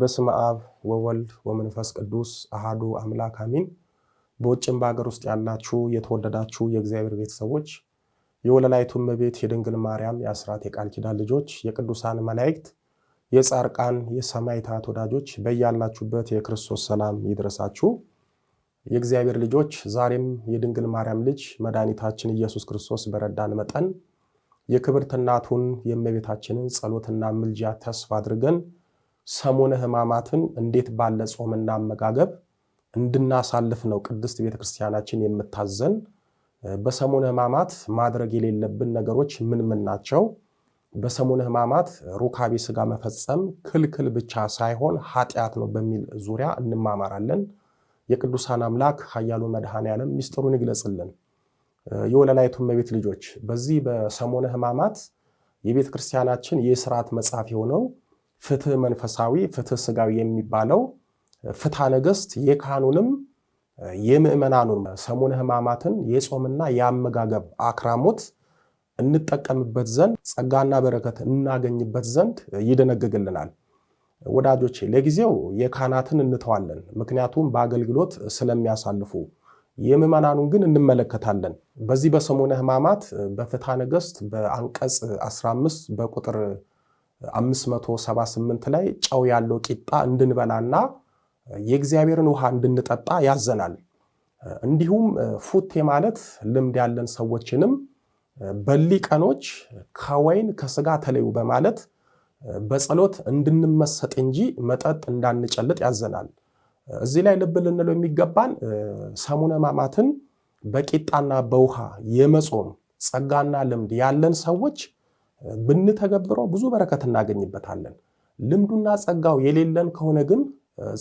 በስመ አብ ወወልድ ወመንፈስ ቅዱስ አሃዱ አምላክ አሚን። በውጭም በሀገር ውስጥ ያላችሁ የተወደዳችሁ የእግዚአብሔር ቤተሰቦች የወለላይቱ እመቤት የድንግል ማርያም የአስራት የቃል ኪዳን ልጆች የቅዱሳን መላእክት የጻርቃን የሰማዕታት ወዳጆች በያላችሁበት የክርስቶስ ሰላም ይድረሳችሁ። የእግዚአብሔር ልጆች ዛሬም የድንግል ማርያም ልጅ መድኃኒታችን ኢየሱስ ክርስቶስ በረዳን መጠን የክብርት እናቱን የእመቤታችንን ጸሎትና ምልጃ ተስፋ አድርገን ሰሙነ ሕማማትን እንዴት ባለ ጾምና አመጋገብ እንድናሳልፍ ነው ቅድስት ቤተክርስቲያናችን የምታዘን። በሰሙነ ሕማማት ማድረግ የሌለብን ነገሮች ምን ምን ናቸው? በሰሙነ ሕማማት ሩካቤ ስጋ መፈጸም ክልክል ብቻ ሳይሆን ኃጢአት ነው በሚል ዙሪያ እንማማራለን። የቅዱሳን አምላክ ኃያሉ መድሃን ዓለም ሚስጥሩን ይግለጽልን። የወለላይቱ እመቤት ልጆች በዚህ በሰሙነ ሕማማት የቤተ ክርስቲያናችን የሥርዓት መጽሐፍ የሆነው ፍትህ መንፈሳዊ፣ ፍትህ ስጋዊ የሚባለው ፍትሐ ነገሥት የካህኑንም የምእመናኑን ሰሙነ ሕማማትን የጾምና የአመጋገብ አክራሞት እንጠቀምበት ዘንድ ጸጋና በረከት እናገኝበት ዘንድ ይደነግግልናል። ወዳጆቼ ለጊዜው የካህናትን እንተዋለን፣ ምክንያቱም በአገልግሎት ስለሚያሳልፉ የምዕመናኑን ግን እንመለከታለን። በዚህ በሰሙነ ሕማማት በፍትሐ ነገሥት በአንቀጽ 15 በቁጥር 578 ላይ ጨው ያለው ቂጣ እንድንበላና የእግዚአብሔርን ውሃ እንድንጠጣ ያዘናል። እንዲሁም ፉቴ ማለት ልምድ ያለን ሰዎችንም በሊቀኖች ከወይን ከስጋ ተለዩ በማለት በጸሎት እንድንመሰጥ እንጂ መጠጥ እንዳንጨልጥ ያዘናል። እዚህ ላይ ልብ ልንለው የሚገባን ሰሙነ ሕማማትን በቂጣና በውሃ የመጾም ጸጋና ልምድ ያለን ሰዎች ብንተገብረው ብዙ በረከት እናገኝበታለን። ልምዱና ጸጋው የሌለን ከሆነ ግን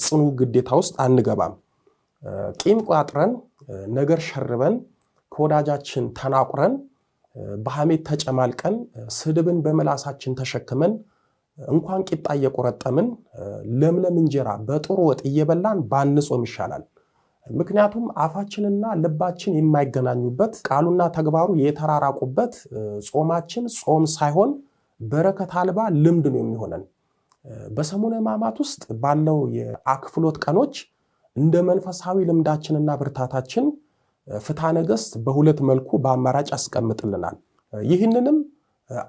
ጽኑ ግዴታ ውስጥ አንገባም። ቂም ቋጥረን፣ ነገር ሸርበን፣ ከወዳጃችን ተናቁረን፣ በሐሜት ተጨማልቀን፣ ስድብን በመላሳችን ተሸክመን እንኳን ቂጣ እየቆረጠምን ለምለም እንጀራ በጥሩ ወጥ እየበላን ባንጾም ይሻላል። ምክንያቱም አፋችንና ልባችን የማይገናኙበት ቃሉና ተግባሩ የተራራቁበት ጾማችን ጾም ሳይሆን በረከት አልባ ልምድ ነው የሚሆነን። በሰሙነ ሕማማት ውስጥ ባለው የአክፍሎት ቀኖች እንደ መንፈሳዊ ልምዳችንና ብርታታችን ፍትሐ ነገሥት በሁለት መልኩ በአማራጭ ያስቀምጥልናል። ይህንንም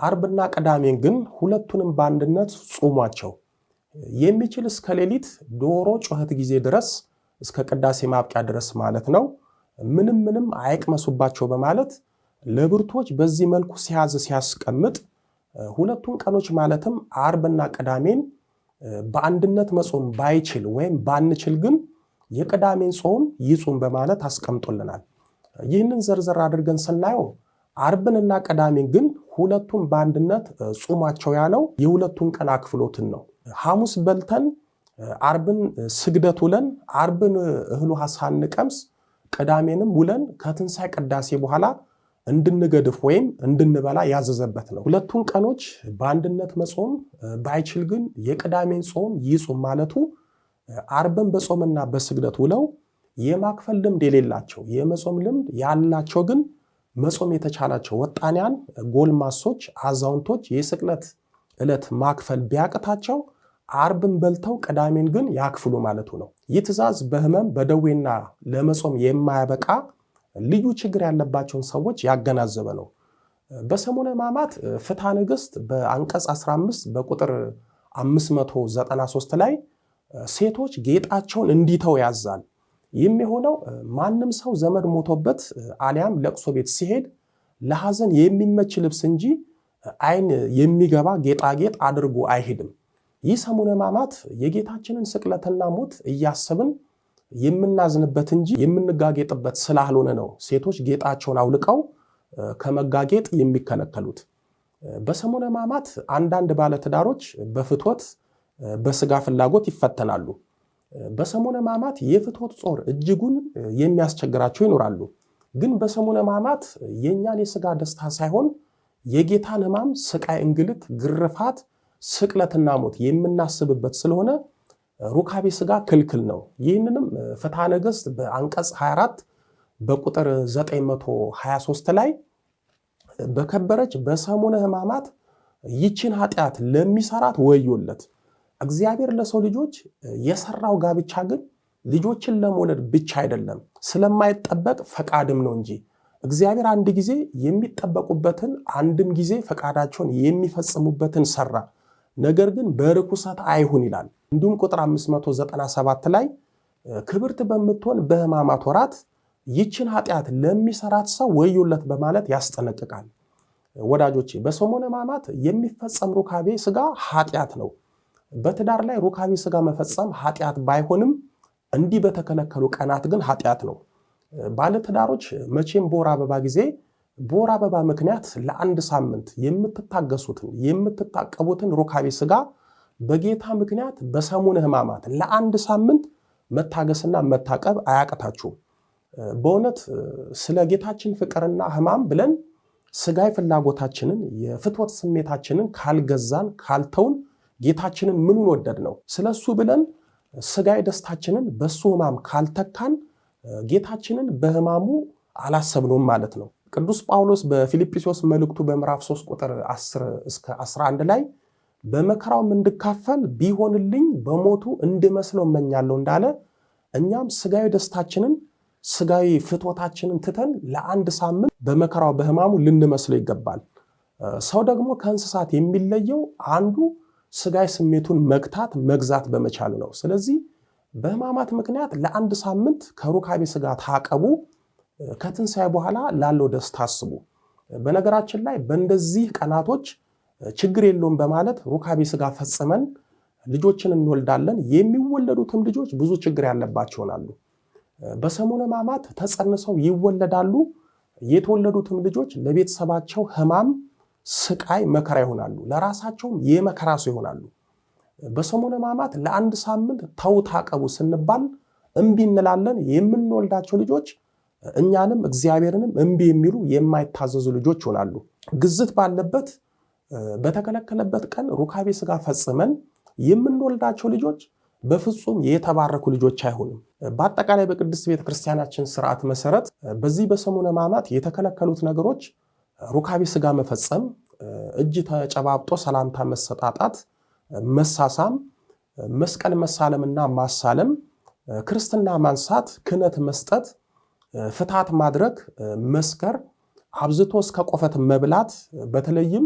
አርብና ቅዳሜን ግን ሁለቱንም በአንድነት ጾሟቸው የሚችል እስከ ሌሊት ዶሮ ጩኸት ጊዜ ድረስ እስከ ቅዳሴ ማብቂያ ድረስ ማለት ነው። ምንም ምንም አይቅመሱባቸው በማለት ለብርቶች በዚህ መልኩ ሲያዝ ሲያስቀምጥ ሁለቱን ቀኖች ማለትም አርብና ቅዳሜን በአንድነት መጾም ባይችል ወይም ባንችል ግን የቅዳሜን ጾም ይጹም በማለት አስቀምጦልናል። ይህንን ዝርዝር አድርገን ስናየው አርብንና ቅዳሜን ግን ሁለቱን በአንድነት ጾማቸው ያለው የሁለቱን ቀን አክፍሎትን ነው። ሐሙስ በልተን አርብን ስግደት ውለን አርብን እህል ውሃ ሳንቀምስ ቅዳሜንም ውለን ከትንሣኤ ቅዳሴ በኋላ እንድንገድፍ ወይም እንድንበላ ያዘዘበት ነው። ሁለቱን ቀኖች በአንድነት መጾም ባይችል ግን የቅዳሜን ጾም ይጹም ማለቱ አርብን በጾምና በስግደት ውለው የማክፈል ልምድ የሌላቸው የመጾም ልምድ ያላቸው ግን መጾም የተቻላቸው ወጣንያን፣ ጎልማሶች፣ አዛውንቶች የስቅለት ዕለት ማክፈል ቢያቅታቸው አርብን በልተው ቅዳሜን ግን ያክፍሉ ማለቱ ነው። ይህ ትእዛዝ በህመም በደዌና ለመጾም የማያበቃ ልዩ ችግር ያለባቸውን ሰዎች ያገናዘበ ነው። በሰሙነ ሕማማት ፍትሐ ነገሥት በአንቀጽ 15 በቁጥር 593 ላይ ሴቶች ጌጣቸውን እንዲተው ያዛል። ይህም የሆነው ማንም ሰው ዘመድ ሞቶበት አሊያም ለቅሶ ቤት ሲሄድ ለሐዘን የሚመች ልብስ እንጂ ዓይን የሚገባ ጌጣጌጥ አድርጎ አይሄድም። ይህ ሰሙነ ሕማማት የጌታችንን ስቅለትና ሞት እያሰብን የምናዝንበት እንጂ የምንጋጌጥበት ስላልሆነ ነው። ሴቶች ጌጣቸውን አውልቀው ከመጋጌጥ የሚከለከሉት በሰሙነ ሕማማት አንዳንድ ባለትዳሮች በፍትወት በስጋ ፍላጎት ይፈተናሉ። በሰሙነ ሕማማት የፍትወት ጾር እጅጉን የሚያስቸግራቸው ይኖራሉ። ግን በሰሙነ ሕማማት የእኛን የስጋ ደስታ ሳይሆን የጌታን ሕማም፣ ስቃይ፣ እንግልት፣ ግርፋት ስቅለትና ሞት የምናስብበት ስለሆነ ሩካቤ ስጋ ክልክል ነው። ይህንንም ፍትሐ ነገሥት በአንቀጽ 24 በቁጥር 923 ላይ በከበረች በሰሙነ ሕማማት ይችን ኃጢአት ለሚሰራት ወዮለት። እግዚአብሔር ለሰው ልጆች የሰራው ጋብቻ ግን ልጆችን ለመውለድ ብቻ አይደለም፣ ስለማይጠበቅ ፈቃድም ነው እንጂ እግዚአብሔር አንድ ጊዜ የሚጠበቁበትን አንድም ጊዜ ፈቃዳቸውን የሚፈጽሙበትን ሰራ። ነገር ግን በርኩሰት አይሁን ይላል። እንዲሁም ቁጥር 597 ላይ ክብርት በምትሆን በሕማማት ወራት ይችን ኃጢአት ለሚሰራት ሰው ወዮለት በማለት ያስጠነቅቃል። ወዳጆቼ በሰሙነ ሕማማት የሚፈጸም ሩካቤ ስጋ ኃጢአት ነው። በትዳር ላይ ሩካቤ ስጋ መፈጸም ኃጢአት ባይሆንም እንዲህ በተከለከሉ ቀናት ግን ኃጢአት ነው። ባለትዳሮች መቼም በወር አበባ ጊዜ በወር አበባ ምክንያት ለአንድ ሳምንት የምትታገሱትን የምትታቀቡትን ሩካቤ ስጋ በጌታ ምክንያት በሰሙን ህማማት ለአንድ ሳምንት መታገስና መታቀብ አያቅታችሁም። በእውነት ስለ ጌታችን ፍቅርና ህማም ብለን ስጋይ ፍላጎታችንን የፍትወት ስሜታችንን ካልገዛን ካልተውን ጌታችንን ምኑን ወደድ ነው። ስለ እሱ ብለን ስጋይ ደስታችንን በእሱ ህማም ካልተካን ጌታችንን በህማሙ አላሰብነውም ማለት ነው። ቅዱስ ጳውሎስ በፊልጵስዎስ መልእክቱ በምዕራፍ 3 ቁጥር 10 እስከ 11 ላይ በመከራውም እንድካፈል ቢሆንልኝ በሞቱ እንድመስለው እመኛለሁ እንዳለ እኛም ስጋዊ ደስታችንን ስጋዊ ፍትወታችንን ትተን ለአንድ ሳምንት በመከራው በህማሙ ልንመስለው ይገባል። ሰው ደግሞ ከእንስሳት የሚለየው አንዱ ስጋዊ ስሜቱን መግታት መግዛት በመቻሉ ነው። ስለዚህ በህማማት ምክንያት ለአንድ ሳምንት ከሩካቤ ስጋ ታቀቡ ከትንሣኤ በኋላ ላለው ደስታ አስቡ። በነገራችን ላይ በእንደዚህ ቀናቶች ችግር የለውም በማለት ሩካቤ ስጋ ፈጽመን ልጆችን እንወልዳለን። የሚወለዱትም ልጆች ብዙ ችግር ያለባቸው ይሆናሉ። በሰሙነ ሕማማት ተጸንሰው ይወለዳሉ። የተወለዱትም ልጆች ለቤተሰባቸው ሕማም፣ ስቃይ፣ መከራ ይሆናሉ። ለራሳቸውም የመከራ ሰው ይሆናሉ። በሰሙነ ሕማማት ለአንድ ሳምንት ተው ታቀቡ ስንባል እምቢ እንላለን። የምንወልዳቸው ልጆች እኛንም እግዚአብሔርንም እምቢ የሚሉ የማይታዘዙ ልጆች ይሆናሉ። ግዝት ባለበት በተከለከለበት ቀን ሩካቤ ስጋ ፈጽመን የምንወልዳቸው ልጆች በፍጹም የተባረኩ ልጆች አይሆንም። በአጠቃላይ በቅድስት ቤተክርስቲያናችን ስርዓት መሰረት በዚህ በሰሙነ ሕማማት የተከለከሉት ነገሮች ሩካቤ ስጋ መፈጸም፣ እጅ ተጨባብጦ ሰላምታ መሰጣጣት፣ መሳሳም፣ መስቀል መሳለምና ማሳለም፣ ክርስትና ማንሳት፣ ክህነት መስጠት ፍትሃት ማድረግ፣ መስከር፣ አብዝቶ እስከ ቆፈት መብላት፣ በተለይም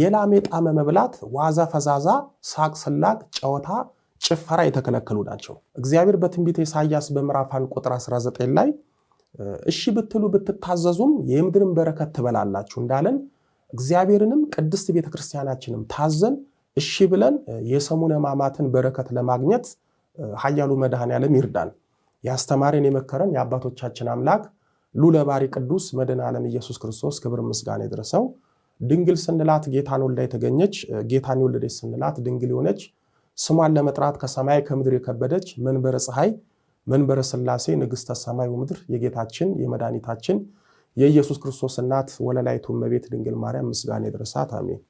የላሜ ጣመ መብላት፣ ዋዛ ፈዛዛ፣ ሳቅ ስላቅ፣ ጨዋታ፣ ጭፈራ የተከለከሉ ናቸው። እግዚአብሔር በትንቢተ ኢሳያስ በምዕራፍ ቁጥር 19 ላይ እሺ ብትሉ ብትታዘዙም የምድርን በረከት ትበላላችሁ እንዳለን እግዚአብሔርንም ቅድስት ቤተ ክርስቲያናችንም ታዘን እሺ ብለን የሰሙነ ሕማማትን በረከት ለማግኘት ኃያሉ መድኃኔ ዓለም ይርዳል። ያስተማረን የመከረን የአባቶቻችን አምላክ ሉለባሪ ቅዱስ መድኃኔ ዓለም ኢየሱስ ክርስቶስ ክብር ምስጋና የደረሰው ድንግል ስንላት ጌታን ወልዳ የተገኘች ጌታን የወለደች ስንላት ድንግል የሆነች ስሟን ለመጥራት ከሰማይ ከምድር የከበደች መንበረ ፀሐይ መንበረ ስላሴ ንግሥተ ሰማይ ወምድር የጌታችን የመድኃኒታችን የኢየሱስ ክርስቶስ እናት ወለላይቱ እመቤት ድንግል ማርያም ምስጋና የደረሳት አሜን።